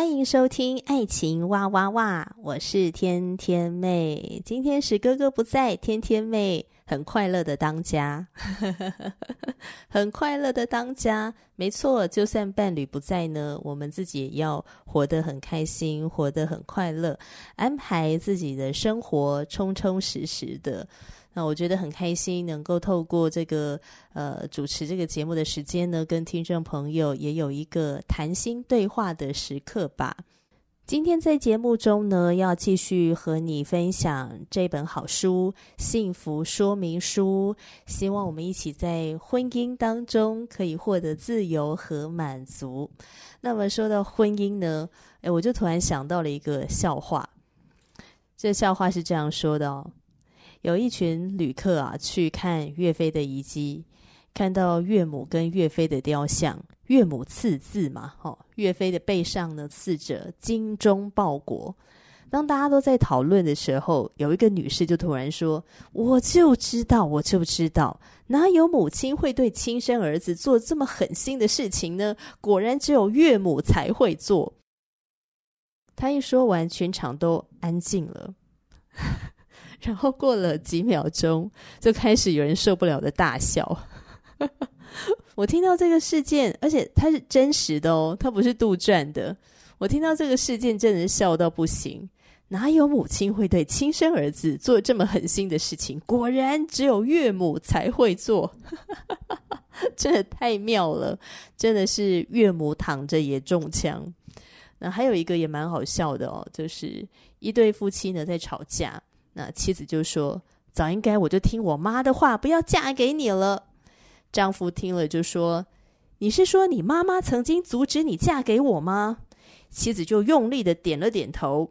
歡迎收聽《愛情哇哇哇》，我是天天妹。今天是哥哥不在，天天妹很快樂的當家， 很快樂的當家。沒錯，就算伴侶不在呢，我們自己也要活得很開心，活得很快樂，安排自己的生活充充實實的。那我覺得很開心，能夠透過這個呃主持這個節目的時間呢，跟聽眾朋友也有一個談心對話的時刻吧。今天在節目中呢，要繼續和你分享這本好書《幸福說明書》，希望我們一起在婚姻當中可以獲得自由和滿足。那麼說到婚姻呢，誒，我就突然想到了一個笑話。這笑話是這樣說的哦。有一群旅客啊，去看岳飛的遺跡，看到岳母跟岳飛的雕像，岳母刺字嘛，哦，岳飛的背上呢刺着“精忠報國”。當大家都在討論的時候，有一個女士就突然說：“我就知道，我就知道，哪有母親會對親生兒子做這麼狠心的事情呢？果然只有岳母才會做。”她一說完，全場都安靜了。 然後過了幾秒鐘，就開始有人受不了的大笑。 我聽到這個事件，而且它是真實的哦，它不是杜撰的。我聽到這個事件，真的是笑到不行。哪有母親會對親生兒子做這麼狠心的事情？果然只有岳母才會做， 真的太妙了！真的是岳母躺着也中槍。那還有一個也蠻好笑的哦，就是一對夫妻呢在吵架。那妻子就說：“早應該我就聽我媽的話，不要嫁給你了。”丈夫聽了就說：“你是說你媽媽曾經阻止你嫁給我嗎？”妻子就用力地點了點頭，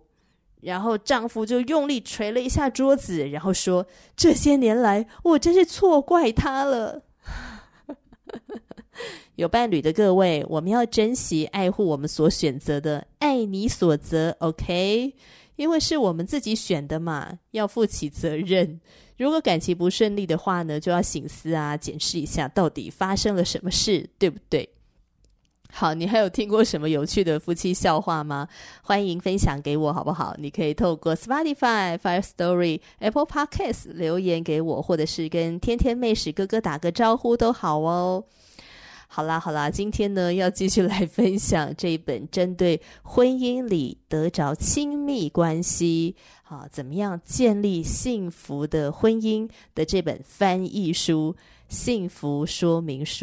然後丈夫就用力捶了一下桌子，然後說：“這些年來我真是錯怪她了。 ”有伴侶的各位，我們要珍惜愛護我們所選擇的，愛你所擇，OK。因為是我們自己選的嘛，要負起責任。如果感情不順利的話呢，就要省思啊，檢視一下到底發生了什麼事，對不對？好，你還有聽過什麼有趣的夫妻笑話嗎？歡迎分享給我，好不好？你可以透過 Spotify、Firstory、Apple Podcasts 留言給我，或者是跟天天妹史哥哥打個招呼都好哦。好啦好啦，今天呢要繼續來分享這一本針對婚姻裡得着親密關係，好、啊、怎麼樣建立幸福的婚姻的這本翻譯書《幸福說明書》。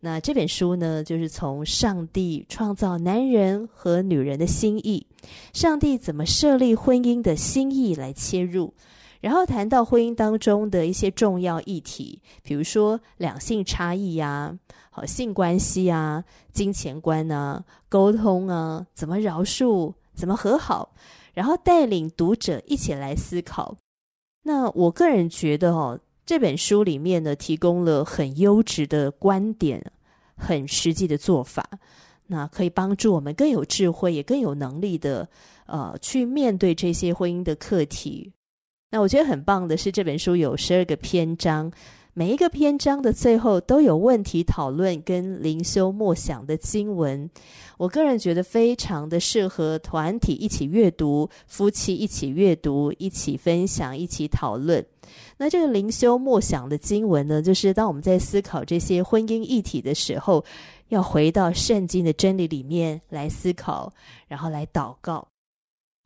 那這本書呢，就是從上帝創造男人和女人的心意，上帝怎麼設立婚姻的心意來切入。然後談到婚姻當中的一些重要議題，比如說兩性差異啊、好、性關係啊、金錢觀啊、溝通啊、怎麼饒恕、怎麼和好，然後帶領讀者一起來思考。那我個人覺得哦，這本書裡面呢提供了很優質的觀點、很實際的做法，那可以幫助我們更有智慧、也更有能力的呃去面對這些婚姻的課題。那我覺得很棒的是，這本書有十二個篇章，每一個篇章的最後都有問題討論跟靈修默想的經文。我個人覺得非常的適合團體一起閱讀、夫妻一起閱讀、一起分享、一起討論。那這個靈修默想的經文呢，就是當我們在思考這些婚姻議題的時候，要回到聖經的真理裡面來思考，然後來禱告。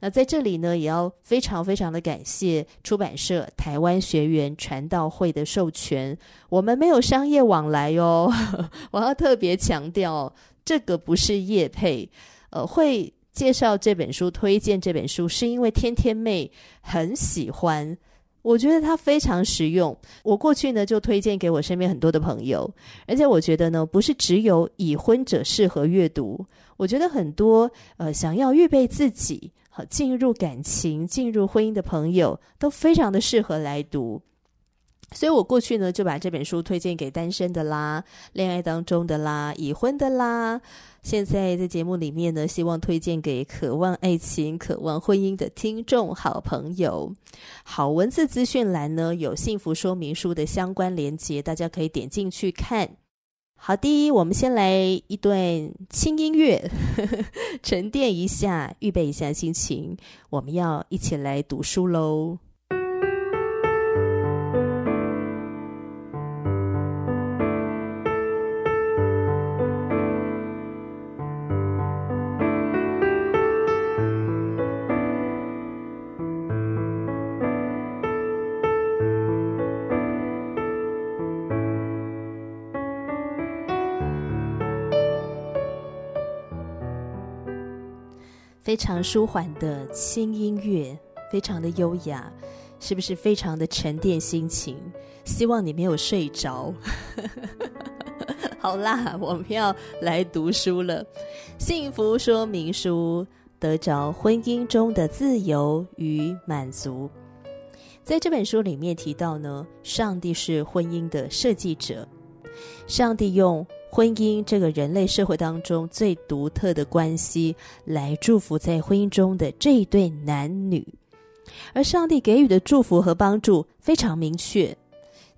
那在這裡呢，也要非常非常的感謝出版社台灣學園傳道會的授權。我們沒有商業往來喲、哦，我要特別強調，這個不是業配。呃，會介紹這本書、推薦這本書，是因為天天妹很喜歡。我覺得它非常實用，我過去呢就推薦給我身邊很多的朋友，而且我覺得呢，不是只有已婚者適合閱讀，我覺得很多呃想要預備自己好，進入感情、進入婚姻的朋友，都非常的適合來讀。所以，我過去呢就把這本書推薦給單身的啦、戀愛當中的啦、已婚的啦。現在在節目裡面呢，希望推薦給渴望愛情、渴望婚姻的聽眾、好朋友。好，文字資訊欄呢有幸福說明書的相關連結，大家可以點進去看。好的，我們先來一段輕音樂，呵呵沉澱一下，預備一下心情，我們要一起來讀書嘍。非常舒緩的輕音樂，非常的優雅，是不是非常的沉澱心情？希望你沒有睡着。 好啦，我們要來讀書了，《幸福說明書》得着婚姻中的自由與滿足。在這本書裡面提到呢，上帝是婚姻的設計者，上帝用，婚姻這個人類社會當中最獨特的關係，來祝福在婚姻中的這一對男女，而上帝給予的祝福和幫助非常明確，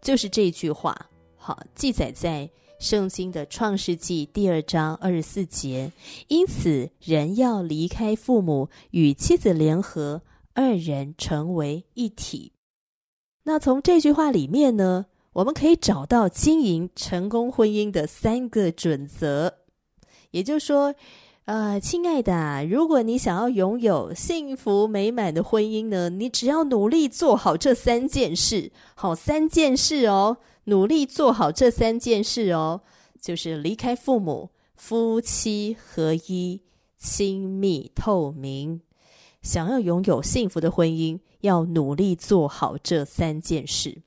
就是這句話。好，記載在聖經的創世記第二章二十四節。因此，人要離開父母，與妻子聯合，二人成為一體。那從這句話裡面呢，我們可以找到經營成功婚姻的三個準則，也就是說，呃，親愛的啊，如果你想要擁有幸福美滿的婚姻呢，你只要努力做好這三件事，好，哦，三件事哦，努力做好這三件事哦，就是離開父母，夫妻合一，親密透明。想要擁有幸福的婚姻，要努力做好這三件事。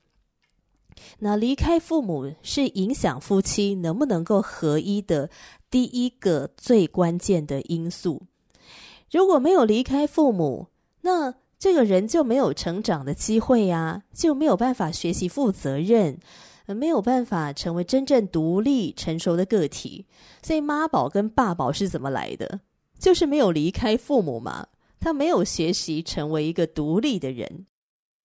那離開父母是影響夫妻能不能夠合一的第一個最關鍵的因素。如果沒有離開父母，那這個人就沒有成長的機會呀、啊，就沒有辦法學習負責任，沒有辦法成為真正獨立成熟的個體。所以媽寶跟爸寶是怎麼來的？就是沒有離開父母嘛，他沒有學習成為一個獨立的人。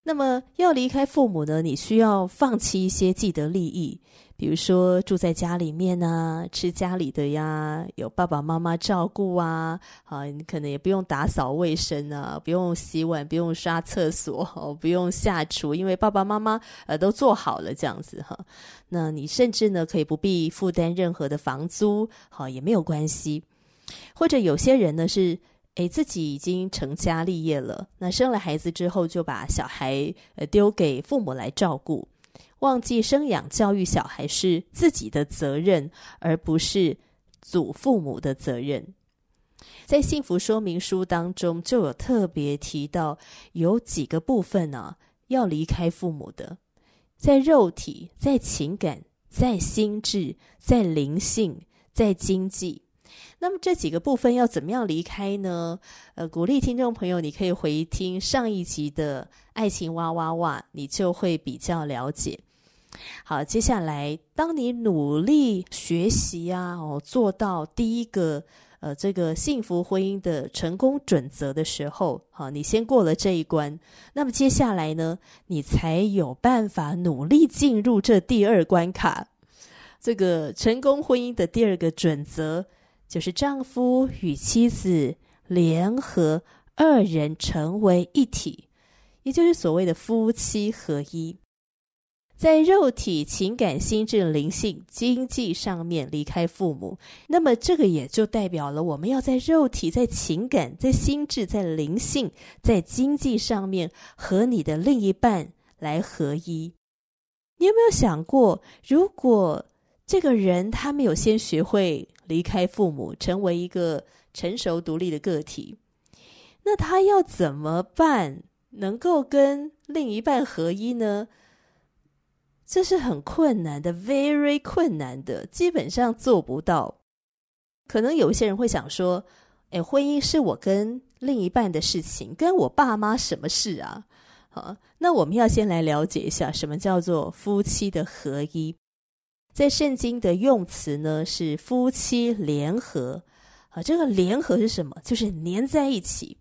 那麼要離開父母呢，你需要放棄一些既得利益，比如說住在家裡面呢、啊，吃家裡的呀，有爸爸媽媽照顧啊，啊，你可能也不用打掃衛生啊，不用洗碗，不用刷廁所，啊、不用下廚，因為爸爸媽媽呃、啊、都做好了這樣子哈、啊。那你甚至呢，可以不必負擔任何的房租，好、啊、也沒有關係。或者有些人呢是，哎，自己已經成家立業了，那生了孩子之後，就把小孩丟給父母來照顧，忘記生養教育小孩是自己的責任，而不是祖父母的責任。在幸福說明書當中，就有特別提到有幾個部分呢、啊，要離開父母的，在肉體、在情感、在心智、在靈性、在經濟。那麼這幾個部分要怎麼樣離開呢？呃，鼓勵聽眾朋友，你可以回聽上一集的《愛情哇哇哇》，你就會比較了解。好，接下來當你努力學習啊，哦，做到第一個呃這個幸福婚姻的成功準則的時候，好，哦，你先過了這一關。那麼接下來呢，你才有辦法努力進入這第二關卡，這個成功婚姻的第二個準則。就是丈夫與妻子聯合，二人成為一體，也就是所謂的夫妻合一。在肉體、情感、心智、靈性、經濟上面離開父母，那麼這個也就代表了我們要在肉體、在情感、在心智、在靈性、在經濟上面和你的另一半來合一。你有沒有想過，如果這個人他沒有先學會離開父母，成為一個成熟獨立的個體，那他要怎麼辦能夠跟另一半合一呢？這是很困難的，very 困難的，基本上做不到。可能有一些人會想說：“哎，婚姻是我跟另一半的事情，跟我爸媽什麼事啊？”好，那我們要先來了解一下什麼叫做夫妻的合一。在聖經的用詞呢，是夫妻聯合，啊、呃，這個聯合是什麼？就是粘在一起。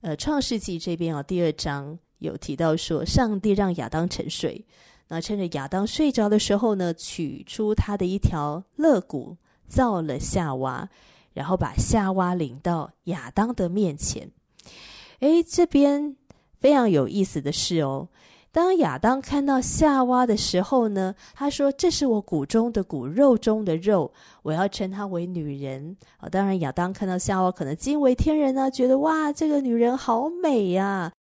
呃，創世紀這邊啊，第二章有提到說，上帝讓亞當沉睡，那趁着亞當睡着的時候呢，取出他的一條肋骨，造了夏娃，然後把夏娃領到亞當的面前。哎，這邊非常有意思的是哦。當亞當看到夏娃的時候呢，他說：“這是我骨中的骨，肉中的肉，我要稱她為女人。”哦，啊，當然，亞當看到夏娃可能驚為天人呢，啊，覺得哇，這個女人好美呀，啊。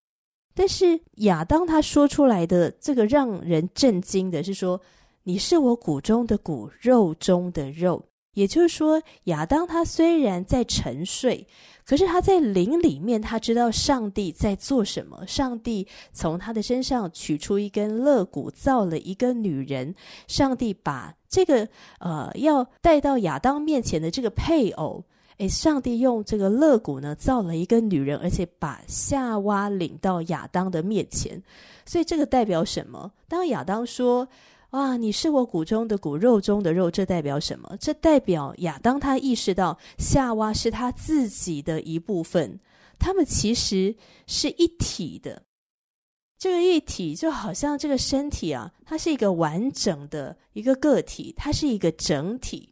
但是亞當他說出來的這個讓人震驚的是說：“你是我骨中的骨，肉中的肉。”也就是說，亞當他雖然在沉睡，可是他在靈裡面，他知道上帝在做什麼。上帝從他的身上取出一根肋骨，造了一個女人。上帝把這個呃要帶到亞當面前的這個配偶，誒，上帝用這個肋骨呢造了一個女人，而且把夏娃領到亞當的面前。所以這個代表什麼？當亞當說，哇、啊！你是我骨中的骨，肉中的肉，這代表什麼？這代表亞當他意識到夏娃是他自己的一部分，他們其實是一體的。這個一體就好像這個身體啊，它是一個完整的一個個體，它是一個整體。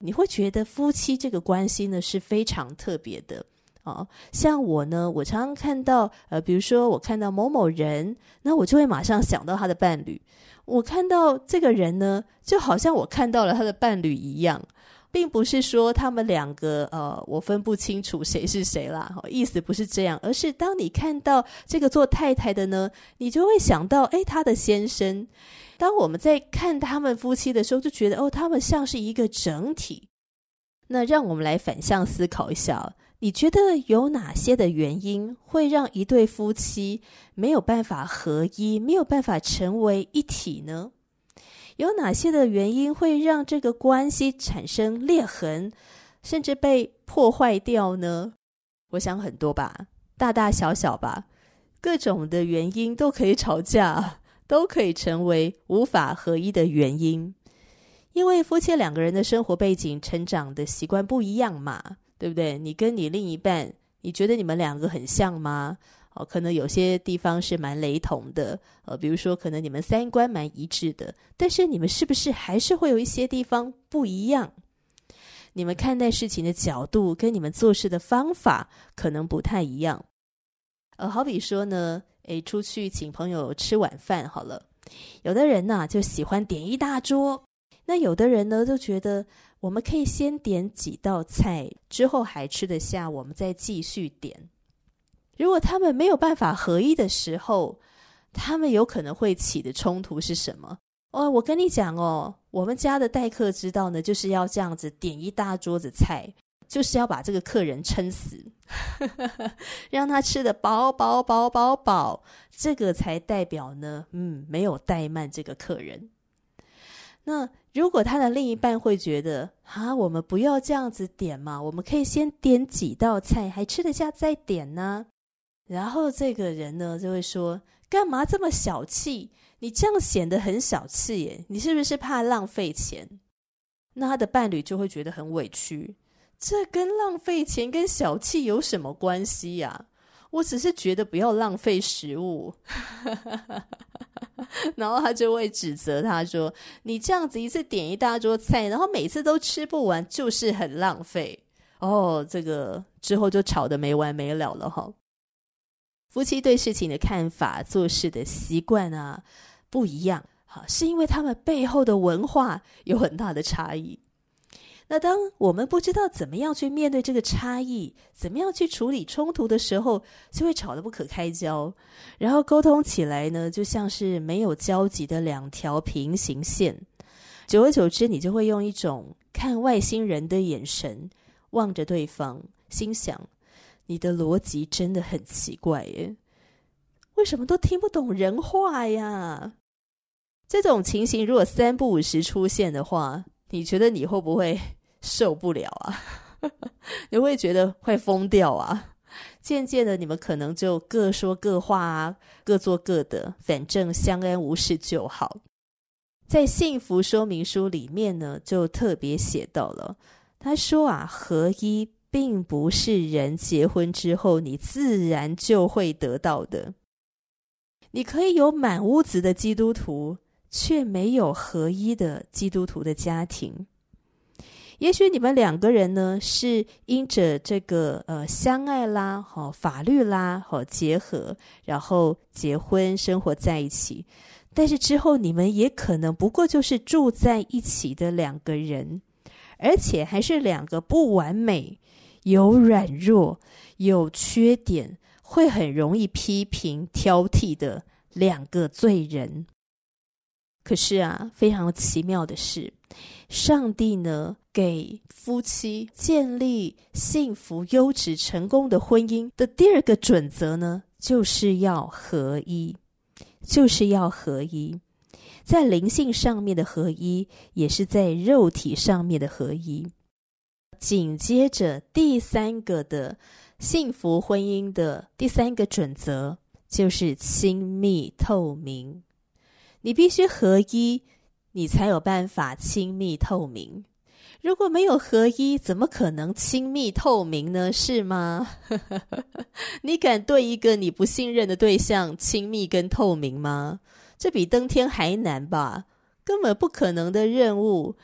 你會覺得夫妻這個關係呢，是非常特別的啊。像我呢，我常常看到呃，比如說我看到某某人，那我就會馬上想到他的伴侶。我看到這個人呢，就好像我看到了他的伴侶一樣，並不是說他們兩個呃，我分不清楚誰是誰啦。意思不是這樣，而是當你看到這個做太太的呢，你就會想到，誒，他的先生。當我們在看他們夫妻的時候，就覺得哦，他們像是一個整體。那讓我們來反向思考一下哦。你覺得有哪些的原因會讓一對夫妻沒有辦法合一，沒有辦法成為一體呢？有哪些的原因會讓這個關係產生裂痕，甚至被破壞掉呢？我想很多吧，大大小小吧，各種的原因都可以吵架，都可以成為無法合一的原因。因為夫妻兩個人的生活背景、成長的習慣不一樣嘛。對不對？你跟你另一半，你覺得你們兩個很像嗎？哦，可能有些地方是蠻雷同的，呃，比如說可能你們三觀蠻一致的，但是你們是不是還是會有一些地方不一樣？你們看待事情的角度跟你們做事的方法可能不太一樣。呃，好比說呢，誒，出去請朋友吃晚飯好了，有的人呢啊，就喜歡點一大桌，那有的人呢就覺得，我們可以先點幾道菜，之後還吃得下，我們再繼續點。如果他們沒有辦法合一的時候，他們有可能會起的衝突是什麼？哦，我跟你講哦，我們家的待客之道呢，就是要這樣子點一大桌子菜，就是要把這個客人撐死，呵呵呵，讓他吃得飽飽飽飽飽，這個才代表呢，嗯，沒有怠慢這個客人。那如果他的另一半會覺得，啊，我們不要這樣子點嘛，我們可以先點幾道菜，還吃得下再點呢。然後這個人呢就會說，幹嘛這麼小氣？你這樣顯得很小氣耶，你是不是怕浪費錢？那他的伴侶就會覺得很委屈，這跟浪費錢跟小氣有什麼關係呀，啊？我只是覺得不要浪費食物， 然後他就會指責他說：“你這樣子一次點一大桌菜，然後每次都吃不完，就是很浪費。”哦，這個之後就吵得沒完沒了了哈。夫妻對事情的看法、做事的習慣啊不一樣，哈，是因為他們背後的文化有很大的差異。那當我們不知道怎麼樣去面對這個差異，怎麼樣去處理衝突的時候，就會吵得不可開交，然後溝通起來呢，就像是沒有交集的兩條平行線。久而久之，你就會用一種看外星人的眼神望着對方，心想：“你的邏輯真的很奇怪耶，為什麼都聽不懂人話呀？”這種情形如果三不五時出現的話，你覺得你會不會？受不了啊！ 你會覺得會瘋掉啊！漸漸的，你們可能就各說各話啊，各做各的，反正相安無事就好。在幸福說明書裡面呢，就特別寫到了，他說啊，合一並不是人結婚之後你自然就會得到的。你可以有滿屋子的基督徒，卻沒有合一的基督徒的家庭。也許你們兩個人呢，是因着這個呃相愛啦，哈、哦、法律啦，哈、哦、結合，然後結婚生活在一起。但是之後你們也可能不過就是住在一起的兩個人，而且還是兩個不完美、有軟弱、有缺點、會很容易批評挑剔的兩個罪人。可是啊，非常奇妙的是，上帝呢。給夫妻建立幸福、優質、成功的婚姻的第二個準則呢，就是要合一，就是要合一，在靈性上面的合一，也是在肉體上面的合一。緊接着第三個的幸福婚姻的第三個準則就是親密透明，你必須合一，你才有辦法親密透明。如果沒有合一，怎麼可能親密透明呢？是嗎？ 你敢對一個你不信任的對象親密跟透明嗎？這比登天還難吧？根本不可能的任務。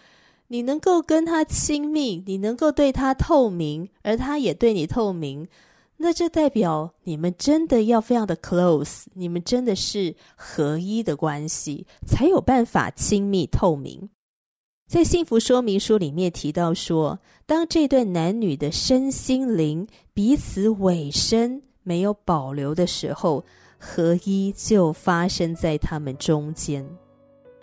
你能夠跟他親密，你能夠對他透明，而他也對你透明，那這代表你們真的要非常的 close，你們真的是合一的關係，才有辦法親密透明。在幸福說明書裡面提到說，當這對男女的身心靈彼此委身沒有保留的時候，合一就發生在他們中間，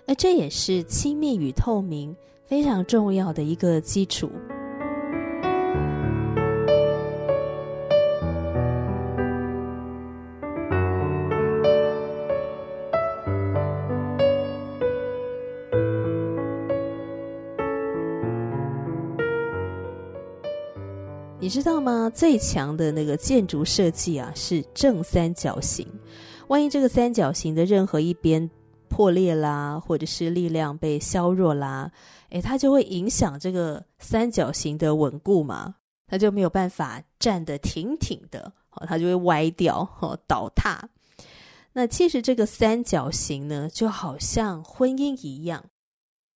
而這也是親密與透明非常重要的一個基礎。你知道嗎？最強的那個建築設計啊，是正三角形。萬一這個三角形的任何一邊破裂啦，或者是力量被削弱啦，哎，它就會影響這個三角形的穩固嘛，它就沒有辦法站得挺挺的，哦，它就會歪掉，哦，倒塌。那其實這個三角形呢，就好像婚姻一樣。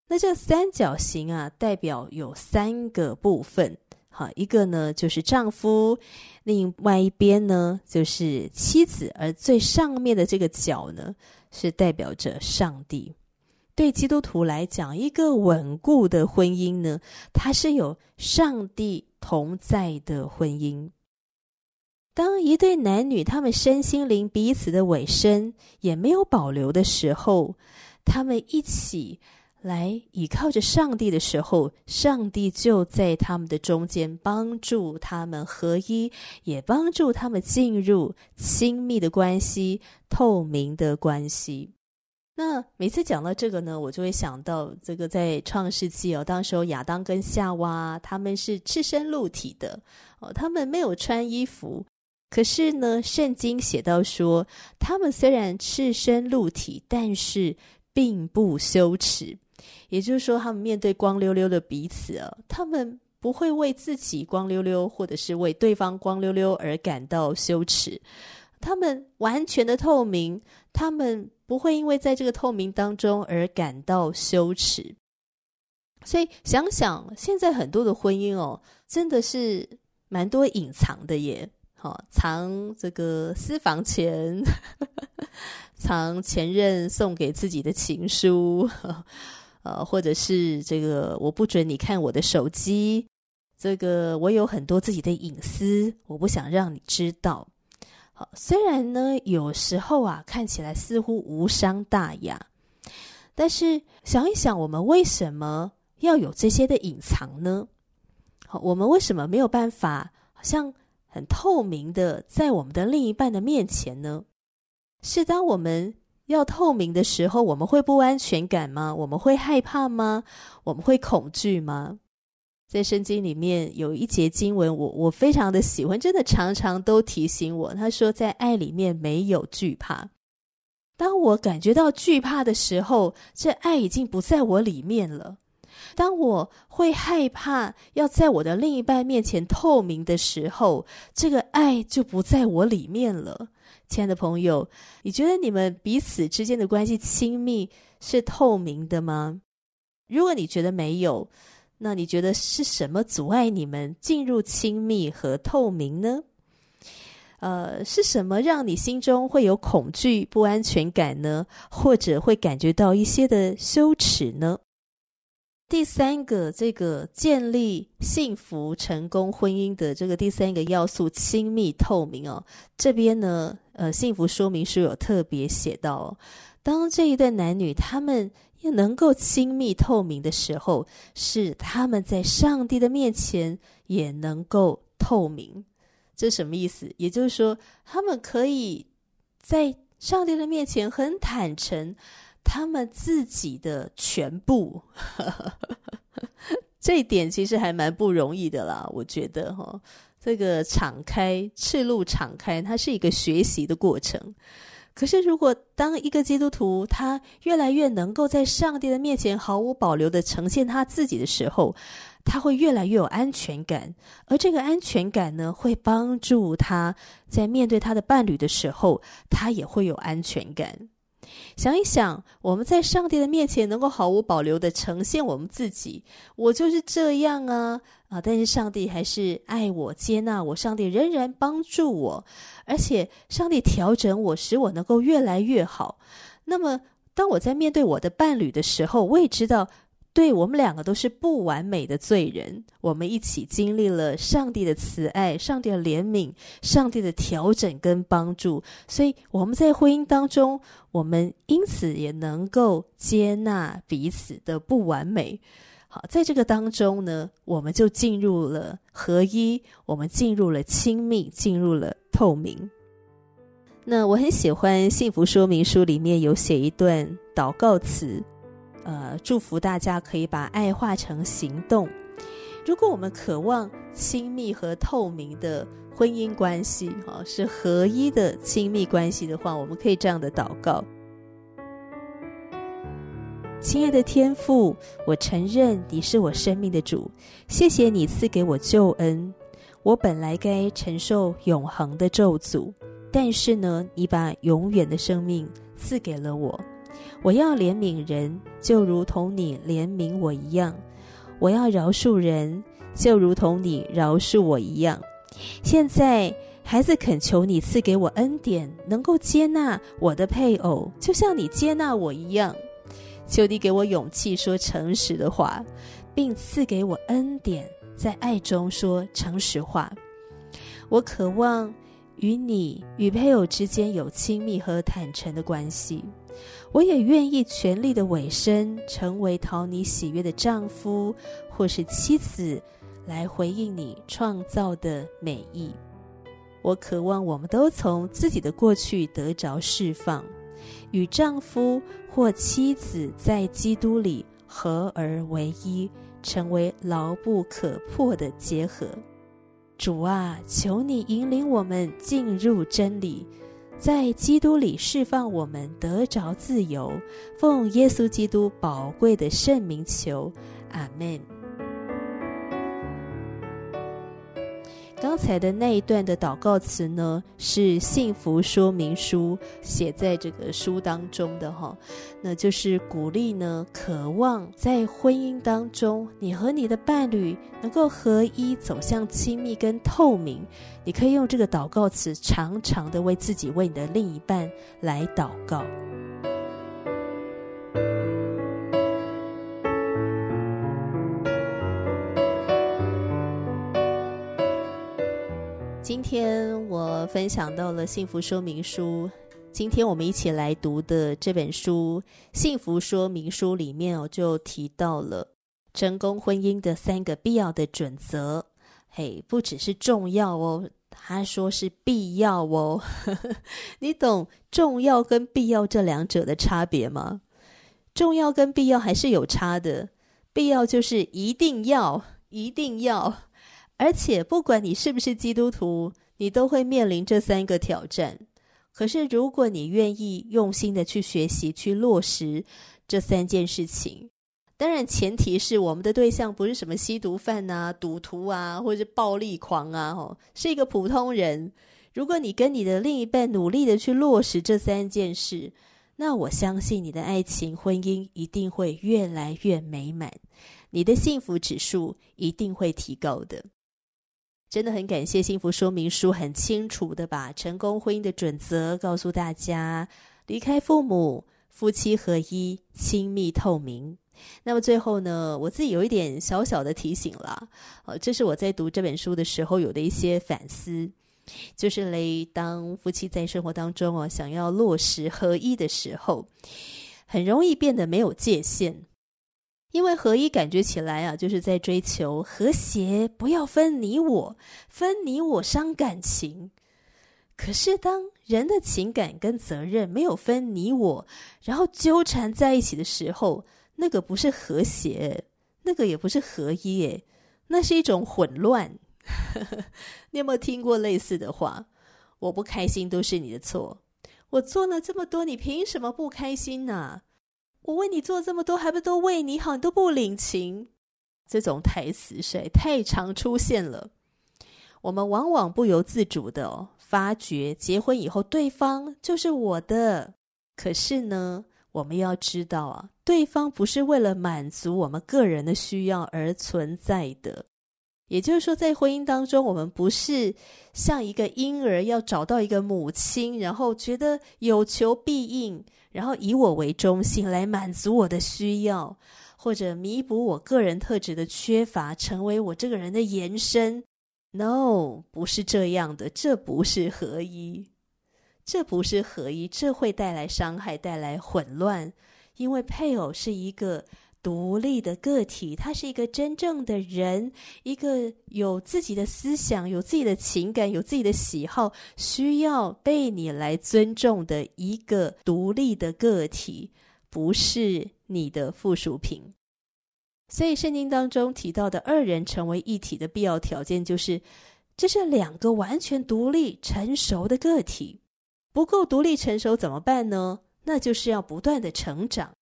那這三角形啊，代表有三個部分。好，一個呢就是丈夫，另外一邊呢就是妻子，而最上面的這個角呢是代表着上帝。對基督徒來講，一個穩固的婚姻呢，它是有上帝同在的婚姻。當一對男女他們身心靈彼此的委身也沒有保留的時候，他們一起。來倚靠着上帝的時候，上帝就在他們的中間，幫助他們合一，也幫助他們進入親密的關係、透明的關係。那每次講到這個呢，我就會想到這個在創世紀哦，當時候亞當跟夏娃他們是赤身露體的哦，他們沒有穿衣服。可是呢，聖經寫到說，他們雖然赤身露體，但是並不羞恥。也就是說，他們面對光溜溜的彼此，啊，他們不會為自己光溜溜，或者是為對方光溜溜而感到羞恥。他們完全的透明，他們不會因為在這個透明當中而感到羞恥。所以想想，現在很多的婚姻哦，真的是蠻多隱藏的耶，好、哦、藏這個私房錢， 藏前任送給自己的情書。呃，或者是這個，我不准你看我的手機。這個，我有很多自己的隱私，我不想讓你知道。好，雖然呢，有時候啊，看起來似乎無傷大雅，但是想一想，我們為什麼要有這些的隱藏呢？好，我們為什麼沒有辦法，好像很透明的在我們的另一半的面前呢？是當我們。要透明的時候，我們會不安全感嗎？我們會害怕嗎？我們會恐懼嗎？在聖經裡面有一節經文，我我非常的喜歡，真的常常都提醒我。他說，在愛裡面沒有懼怕。當我感覺到懼怕的時候，這愛已經不在我裡面了。當我會害怕要在我的另一半面前透明的時候，這個愛就不在我裡面了。親愛的朋友，你覺得你們彼此之間的關係親密是透明的嗎？如果你覺得沒有，那你覺得是什麼阻礙你們進入親密和透明呢？呃，是什麼讓你心中會有恐懼、不安全感呢？或者會感覺到一些的羞恥呢？第三個，這個建立幸福成功婚姻的這個第三個要素，親密透明哦。這邊呢，呃，幸福說明書有特別寫到，哦，當這一對男女他們也能夠親密透明的時候，是他們在上帝的面前也能夠透明。這是什麼意思？也就是說，他們可以在上帝的面前很坦誠。他們自己的全部， 這一點其實還蠻不容易的啦。我覺得哈、哦，這個敞開、赤露敞開，它是一個學習的過程。可是，如果當一個基督徒，他越來越能夠在上帝的面前毫無保留的呈現他自己的時候，他會越來越有安全感。而這個安全感呢，會幫助他在面對他的伴侶的時候，他也會有安全感。想一想，我們在上帝的面前能夠毫無保留地呈現我們自己，我就是這樣啊啊！但是上帝還是愛我、接納我，上帝仍然幫助我，而且上帝調整我，使我能夠越來越好。那麼，當我在面對我的伴侶的時候，我也知道。對，我們兩個都是不完美的罪人，我們一起經歷了上帝的慈愛、上帝的憐憫、上帝的調整跟幫助，所以我們在婚姻當中，我們因此也能夠接納彼此的不完美。好，在這個當中呢，我們就進入了合一，我們進入了親密，進入了透明。那我很喜歡《幸福說明書》裡面有寫一段禱告詞。呃，祝福大家可以把愛化成行動。如果我們渴望親密和透明的婚姻關係，哈、哦，是合一的親密關係的話，我們可以這樣的禱告：親愛的天父，我承認你是我生命的主，謝謝你賜給我救恩。我本來該承受永恆的咒詛，但是呢，你把永遠的生命賜給了我。我要憐憫人，就如同你憐憫我一樣；我要饒恕人，就如同你饒恕我一樣。現在，孩子懇求你賜給我恩典，能夠接納我的配偶，就像你接納我一樣。求你給我勇氣說誠實的話，並賜給我恩典，在愛中說誠實話。我渴望與你與配偶之間有親密和坦誠的關係。我也願意全力的委身，成為討你喜悅的丈夫或是妻子，來回應你創造的美意。我渴望我們都從自己的過去得着釋放，與丈夫或妻子在基督裡合而為一，成為牢不可破的結合。主啊，求你引領我們進入真理。在基督裡釋放我們，得着自由。奉耶穌基督寶貴的聖名求，阿門。剛才的那一段的禱告詞呢，是幸福說明書寫在這個書當中的哈、哦，那就是鼓勵呢，渴望在婚姻當中，你和你的伴侶能夠合一，走向親密跟透明。你可以用這個禱告詞，常常的為自己、為你的另一半來禱告。今天我分享到了《幸福說明書》，今天我們一起來讀的這本書《幸福說明書》裡面我就提到了成功婚姻的三個必要的準則。嘿，不只是重要哦，他說是必要哦。 你懂重要跟必要這兩者的差別嗎？重要跟必要還是有差的。必要就是一定要，一定要。而且，不管你是不是基督徒，你都會面臨這三個挑戰。可是，如果你願意用心的去學習、去落實這三件事情，當然前提是我們的對象不是什麼吸毒犯啊、賭徒啊，或者暴力狂啊，哦，是一個普通人。如果你跟你的另一半努力的去落實這三件事，那我相信你的愛情、婚姻一定會越來越美滿，你的幸福指數一定會提高的。真的很感謝《幸福說明書》，很清楚的把成功婚姻的準則告訴大家：離開父母、夫妻合一、親密透明。那麼最後呢，我自己有一點小小的提醒了，哦、啊，這是我在讀這本書的時候有的一些反思，就是在當夫妻在生活當中哦、啊，想要落實合一的時候，很容易變得沒有界限。因為合一感覺起來啊，就是在追求和諧，不要分你我，分你我傷感情。可是，當人的情感跟責任沒有分你我，然後糾纏在一起的時候，那個不是和諧，那個也不是合一誒，那是一種混亂。 你有沒有聽過類似的話？我不開心都是你的錯，我做了這麼多，你憑什麼不開心呢、啊？我為你做這麼多，還不都為你好？你都不領情，這種台詞實在太常出現了。我們往往不由自主的、哦、發覺，結婚以後對方就是我的。可是呢，我們要知道啊，對方不是為了滿足我們個人的需要而存在的。也就是說，在婚姻當中，我們不是像一個嬰兒要找到一個母親，然後覺得有求必應，然後以我為中心來滿足我的需要，或者彌補我個人特質的缺乏，成為我這個人的延伸。No，不是這樣的，這不是合一，這不是合一，這會帶來傷害，帶來混亂，因為配偶是一個獨立的個體，他是一個真正的人，一個有自己的思想、有自己的情感、有自己的喜好，需要被你來尊重的一個獨立的個體，不是你的附屬品。所以，聖經當中提到的二人成為一體的必要條件，就是這是兩個完全獨立、成熟的個體。不夠獨立、成熟怎麼辦呢？那就是要不斷的成長。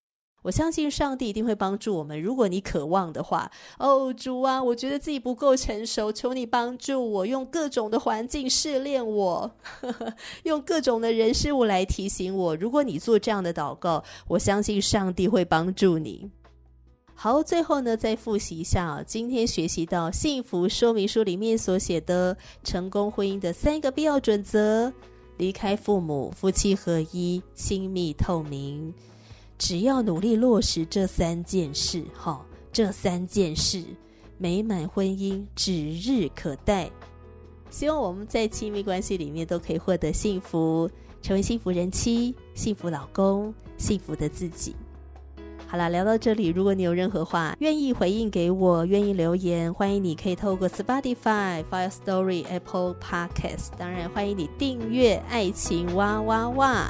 我相信上帝一定會幫助我們。如果你渴望的話，哦，主啊，我覺得自己不夠成熟，求你幫助我，用各種的環境試煉我呵呵，用各種的人事物來提醒我。如果你做這樣的禱告，我相信上帝會幫助你。好，最後呢，再複習一下啊，今天學習到《幸福說明書》裡面所寫的成功婚姻的三個必要準則：離開父母，夫妻合一，親密透明。只要努力落實這三件事，好，這三件事，美滿婚姻指日可待。希望我們在親密關係裡面都可以獲得幸福，成為幸福人妻、幸福老公、幸福的自己。好啦，聊到這裡，如果你有任何話願意回應給我，願意留言，歡迎你可以透過 Spotify、Fire Story、Apple Podcast，當然歡迎你訂閱《愛情哇哇哇》。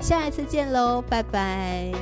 下一次見嘍，拜拜。